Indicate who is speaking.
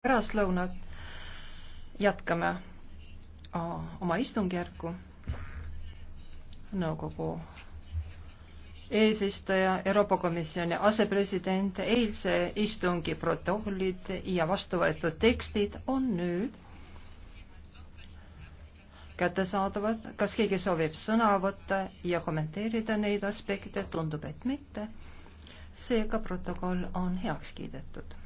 Speaker 1: pärastlõunat jätkame oma istungjärku
Speaker 2: nõukogu eesistaja Euroopa Komisjoni asepresident eilse istungi protokollid ja vastuvõetud tekstid on nüüd kättesaadavad. Kas keegi soovib sõna võtta ja kommenteerida neid aspekte? Tundub, et mitte. Seega protokoll on heaks kiidetud.